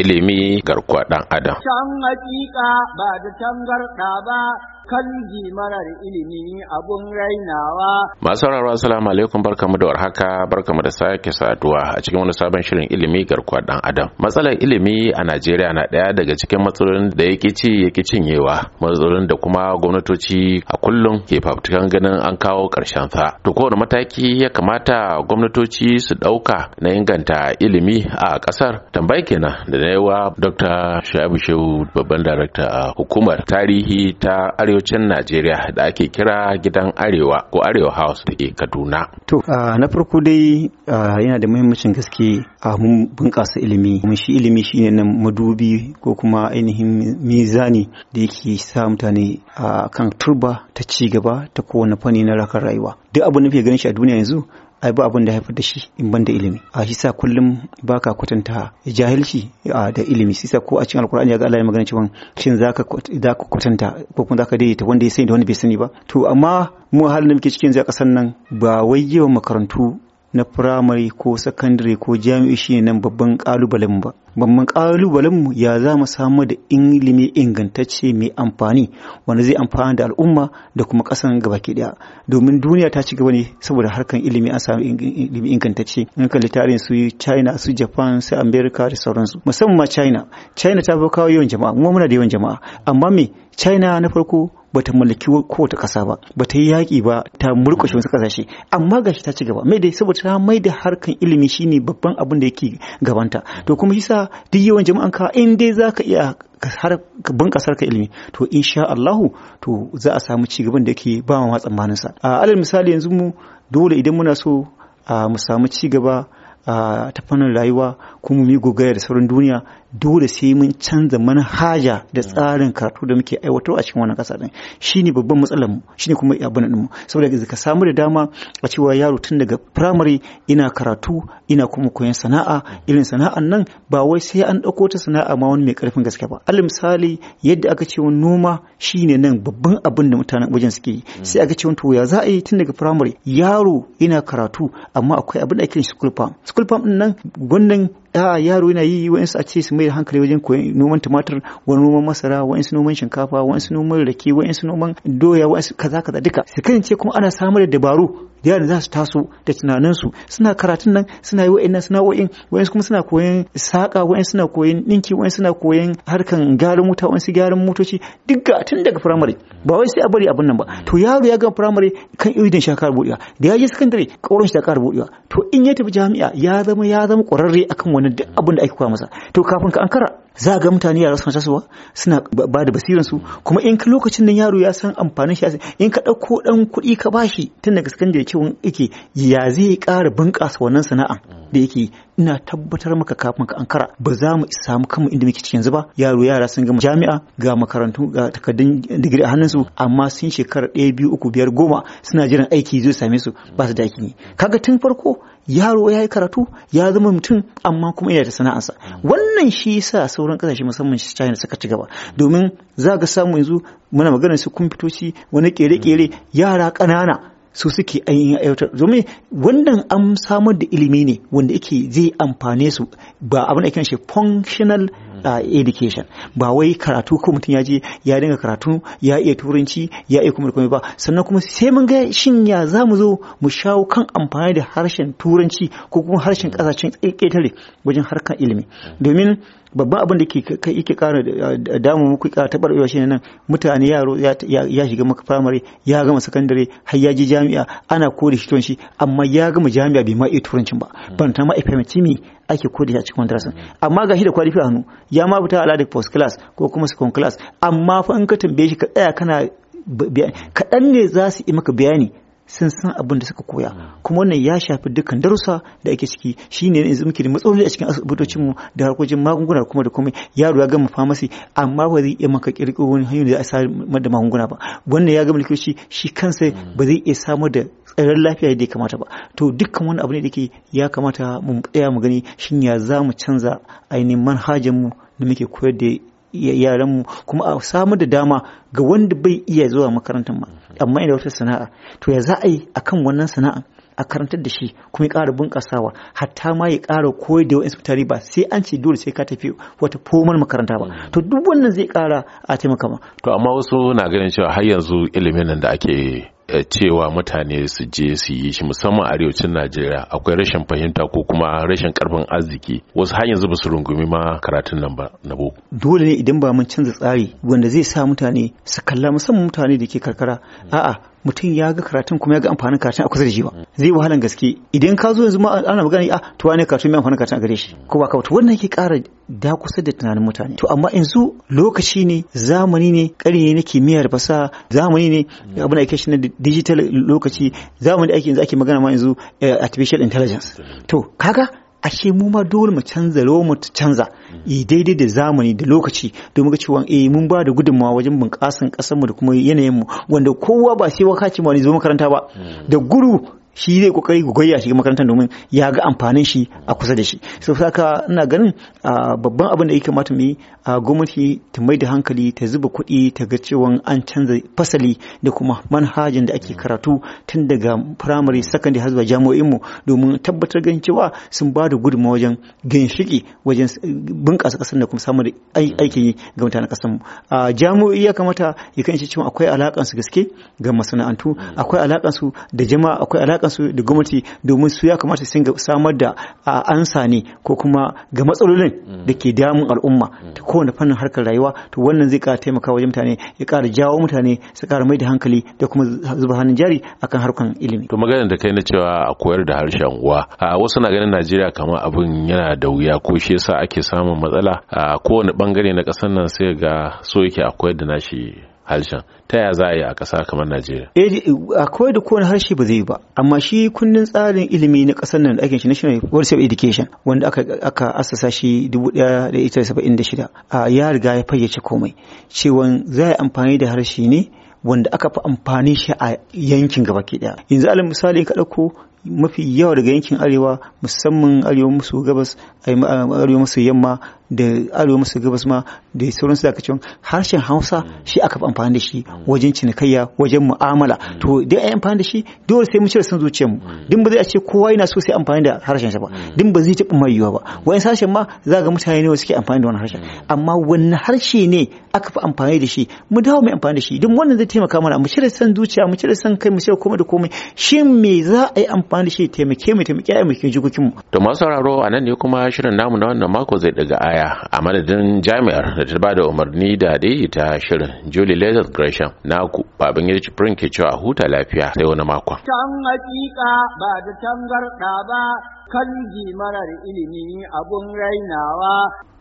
ilimi garkuwa ɗan adam. Can hakika ba da garɗa ba kanji mana da ilimi abun rainawa. Masu sauraro assalamu alaikum barkamu da warhaka barkamu da sake saduwa a cikin wani sabon shirin ilimi garkuwa dan adam. Matsalar ilimi a Najeriya na ɗaya daga cikin matsalolin da yake ci yake cinyewa matsalolin da kuma gwamnatoci a kullum ke fafutukan ganin an kawo karshen sa. To kowane mataki ya kamata gwamnatoci su ɗauka na inganta ilimi a ƙasar tambayi kenan da na yawa Dr. Shabu Shehu babban darakta a hukumar tarihi ta Arewa arewacin najeriya da ake kira gidan arewa ko arewa house da ke kaduna to na farko dai yana da muhimmancin gaske a mun bunƙasa ilimi mun shi ilimi shine na madubi ko kuma ainihin mizani da yake sa mutane a kan turba ta ci gaba ta kowane fanni na rakar rayuwa duk abu na fi ganin shi a duniya yanzu ai ba abin da haifar da shi in banda ilimi a shi sa kullum baka kwatanta jahilci da ilimi shi sa ko a cikin alkur'ani ya ga Allah ya magana cewa shin zaka zaka kwatanta ko kuma zaka daidaita wanda ya sani da wanda bai sani ba to amma mu halin da muke cikin zai kasan nan ba wai yawan makarantu na firamare ko sakandare ko jami'i shine nan babban kalubalen ba babban kalubalen mu ya za mu samu da ilimi ingantacce mai amfani wanda zai amfana da al'umma da kuma kasan gabaki daya domin duniya ta ci gaba ne saboda harkan ilimi an samu ilimi ingantacce in ka tarihin su China su Japan su America da sauransu musamman ma China China ta fi kawo yawan jama'a mu muna da yawan jama'a amma me China na farko bata mallaki kowace kasa ba bata yi yaƙi ba ta murƙushe wasu kasashe amma gashi ta ci gaba mai dai saboda ta mai da harkan ilimi shine babban abin da yake gabanta to kuma yasa duk yawan jama'an ka in dai zaka iya har bunƙasar ka ilimi to insha Allahu to za a samu ci gaban da yake ba ma tsammanin sa alal misali yanzu mu dole idan muna so mu samu ci gaba a fannin rayuwa kuma mu gogaya da sauran duniya dole sai mun canza manhaja da tsarin karatu da muke aiwatar a cikin wannan kasa din shine babban matsalar mu shine kuma abin din mu saboda ka samu da dama a cewa yaro tun daga firamare ina karatu ina kuma koyon sana'a irin sana'a nan ba wai sai an ɗauko ta sana'a ma wani mai karfin gaske ba alal misali yadda aka ce noma shi ne nan babban abin da mutanen wajen suke yi sai aka ce to ya za a yi tun daga firamare yaro ina karatu amma akwai abin da ake kiran shi school nan gundin a yaro yana yi wa'insu a ce su mai hankali wajen koyon noman tumatir wani noman masara wa'insu noman shinkafa wa'insu noman rake wa'insu noman doya wa'insu kaza kaza duka su ce kuma ana samar da dabaru yaran za su taso da tunaninsu suna karatun nan suna yi wa'annan sana'o'in wa'insu kuma suna koyon saƙa wa'insu suna koyon ɗinki wa'insu suna koyon harkan gyaran mota wa'insu gyaran motoci duk tun daga firamare ba wai sai a bari abin nan ba to yaro ya ga firamare kan idan shi buɗewa da ya je sakandare ƙauran shi ta ƙara buɗewa to in ya tafi jami'a ya zama ya zama ƙwararre akan wani ganin duk abin da ake koya masa to kafin ka ankara za a ga mutane yara suna tasowa suna ba da basiransu kuma in ka lokacin nan yaro ya san amfanin shi in ka ɗauko ɗan kuɗi ka bashi tun daga sakandare kiwon yake ya zai ƙara bunƙasa wannan sana'an da yake ina tabbatar maka kafin ka ankara ba za mu samu kanmu inda muke cikin ba yaro yara sun gama jami'a ga makarantu ga takardun digiri a su. amma sun shekara ɗaya biyu uku biyar goma suna jiran aiki zai same su ba su daki ne kaga tun farko yaro ya yi karatu ya zama mutum amma kuma yana da sana'arsa wannan shi yasa sauran kasashe musamman China suka ci gaba domin za ga samu yanzu muna maganar su shi wani kere-kere yara ƙanana su suke ainihin aiwatar domin wannan an samar da ilimi ne wanda yake zai amfane su ba abin da ake shi functional a education ba wai karatu ko mutum ya je ya dinga karatu ya iya turanci ya iya kuma komai ba sannan kuma sai mun ga shin ya za mu zo mu shawo kan amfani da harshen turanci ko kuma harshen kasashen ƙetare wajen harkar ilimi domin babban abin da ke yake kara eh, damu muku kara tabar shi shine nan mutane yaro ya shiga maka primary ya gama sakandare har ya ji jami'a ana kore shi shi amma ya gama jami'a bai ma iya turancin ba ban ta ma fahimci me ake kodi a cikin madrasa amma gashi da kwalifi hannu ya ma fita ala da post class ko kuma second class amma fa in ka tambaye shi ka tsaya kana kaɗan ne za su yi maka bayani sun san abin da suka koya hmm. kuma wannan ya shafi dukkan darussa da ake ciki shine yanzu muke da matsaloli a cikin asibitocin mu da harkokin magunguna kuma da komai yaro ya gama famasi amma ba zai iya maka kirkiro wani hanyoyi da za a da magunguna ba wannan ya gama likitoci shi kansa hmm. ba zai iya samar da tsaron lafiya da ya kamata ba to dukkan wani abu ne da ke ya kamata mu tsaya mu gani shin ya za mu canza ainihin manhajar mu da muke koyar da yaran mu kuma a samar da dama ga wanda bai iya zuwa makarantar ma mm-hmm. amma ina wata sana'a to ya za a yi akan wannan sana'a a karantar da shi kuma ya ƙara bunƙasawa hatta ma ya ƙara koyar da wa'insu mutane ba sai an ce dole sai ka tafi wata fomar makaranta ba mm-hmm. to duk wannan zai ƙara a taimaka ma to amma wasu na ganin cewa har yanzu ilimin nan da ake Eh, cewa mutane su je su yi shi musamman arewacin najeriya akwai rashin fahimta ko kuma rashin karfin arziki wasu har yanzu ba su rungumi ma karatun nan ba na boko dole ne idan ba mun canza tsari wanda zai sa mutane su kalla musamman mutane da ke karkara hmm. a'a mutum ya ga karatun kuma ya ga amfanin karatun a kusa da shi ba zai wahalan gaske idan ka zo yanzu ma ana magana a ah, to wane karatun mai amfanin karatun a gare shi hmm. ko ba ka to wannan yake ƙara da kusa da tunanin mutane to amma yanzu lokaci ne zamani ne ƙarni ne kimiyyar fasa zamani ne hmm. abin da ake shi na digital lokaci zamani da ake yanzu ake magana ma yanzu eh, artificial intelligence to kaga ashe mu ma dole mu canza rawa mu ta canza eh daidai da zamani da lokaci domin ga cewa eh mun ba da gudunmawa wajen bunƙasan ƙasar mu da kuma yanayin mu wanda kowa ba sai kaci ma ne zo makaranta ba mm. da guru shi zai kokari gogayya shi makarantar domin ya ga amfanin shi a kusa da shi so saka ina ganin babban abin da ya kamata mu yi gwamnati ta mai da hankali ta zuba kuɗi ta ga cewa an canza fasali da kuma manhajin da ake karatu tun daga primary secondary har zuwa jami'o'in mu domin tabbatar ganin cewa sun ba da gudunmawa wajen ginshiki wajen bunƙasa ƙasar da kuma samun aikin yi ga mutanen ƙasar mu jami'o'i ya kamata ya kan cewa akwai alaƙansu gaske ga masana'antu akwai alaƙansu da jama'a akwai alaƙa kansu da gwamnati domin su ya kamata su samar da ansa ne ko kuma ga matsalolin da ke damun al'umma mm. ta kowane fannin harkar rayuwa to wannan zai kara taimaka wajen mutane ya kara jawo mutane su kara mai da hankali da kuma zuba hannun jari akan harkan ilimi to maganar da kai na cewa a koyar da harshen uwa a wasu na ganin Najeriya kamar abin yana da wuya ko shi yasa ake samun matsala a kowane bangare na ƙasar nan sai ga so yake a koyar da nashi harshen ta ya za a yi a ƙasa kamar najeriya eh, a koyar da kowane harshe ba zai ba amma shi kundin tsarin ilimi na ƙasar nan da ake shi national university of education wanda aka aka assasa shi 1976 ya riga ya fayyace komai cewa za a yi amfani da harshe ne wanda aka fi amfani shi a yankin gaba ke daya yanzu alal misali ka ɗauko mafi yawa daga yankin arewa musamman arewa maso gabas arewa maso yamma da arewa masu gabas ma da sauransu da kacin harshen hausa shi aka fi amfani da shi wajen cinikayya wajen mu'amala to dai a yi amfani da shi dole sai mu cire son zuciyar mu mm. din ba zai a ce kowa yana so sai amfani da harshen shafa ba mm. din ba zai taɓa mai yiwuwa ba wani sashen ma za ga mutane ne suke amfani da wani harshen mm. amma wani harshe ne aka fi amfani da shi mu dawo mai amfani da shi din wannan zai taimaka mana mu cire son zuciya mu cire son kai mu cire komai da komai shin me za a yi amfani da shi taimake mu taimake mu jikokin mu to masu sauraro a nan ne kuma shirin namu na wannan mako zai daga aya baya a madadin jami'ar da ta ba da umarni da ta shirin Julie Lazarus Gresham na ku baban ya ci furin ke cewa huta lafiya sai wani makon. Can hakika ba da tangarda ba kan marar ilimi abun rainawa